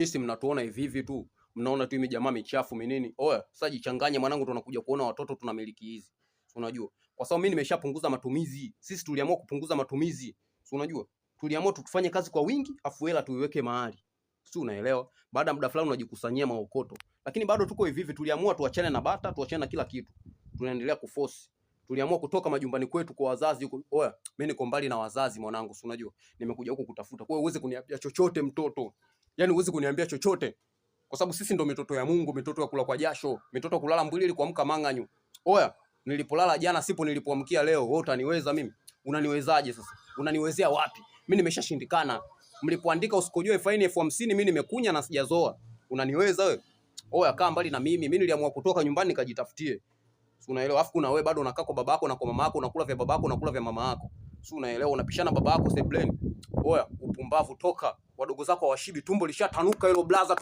Sisi mnatuona hivi hivi tu, mnaona tu mimi jamaa michafu minini. Oya, sasa jichanganye mwanangu, tunakuja kuona watoto tunamiliki hizi, unajua, kwa sababu mimi nimeshapunguza matumizi. Sisi tuliamua kupunguza matumizi, si unajua, tuliamua tukufanye kazi kwa wingi, afu hela tuiweke mahali, si unaelewa? Baada ya muda fulani unajikusanyia maokoto, lakini bado tuko hivi hivi. Tuliamua tuachane na bata, tuachane na kila kitu, tunaendelea kuforce tuliamua kutoka majumbani kwetu kwa wazazi huko. Oya, mimi niko mbali na wazazi mwanangu, si unajua, nimekuja huko kutafuta. Kwa hiyo uweze kuniambia chochote mtoto. Yaani huwezi kuniambia chochote kwa sababu sisi ndo mitoto ya Mungu, mitoto ya kula kwa jasho, mitoto ya kulala mbwili ili kuamka mang'anyu. Oya, nilipolala jana sipo nilipoamkia leo. Wewe utaniweza mimi? Unaniwezaje sasa? Unaniwezea wapi? Mimi nimeshashindikana. Mlipoandika usikojoe faini elfu hamsini mimi nimekunya na sijazoa. Unaniweza wewe? Oya, kaa mbali na mimi. Mimi niliamua kutoka nyumbani nikajitafutie. Si unaelewa? Alafu kuna wewe bado unakaa kwa babako na kwa mama yako, unakula vya babako, unakula vya mama yako. Si unaelewa? Unapishana babako sebleni. Oya, upumbavu, toka wadogo zako washibi tumbo lishatanuka hilo blaza.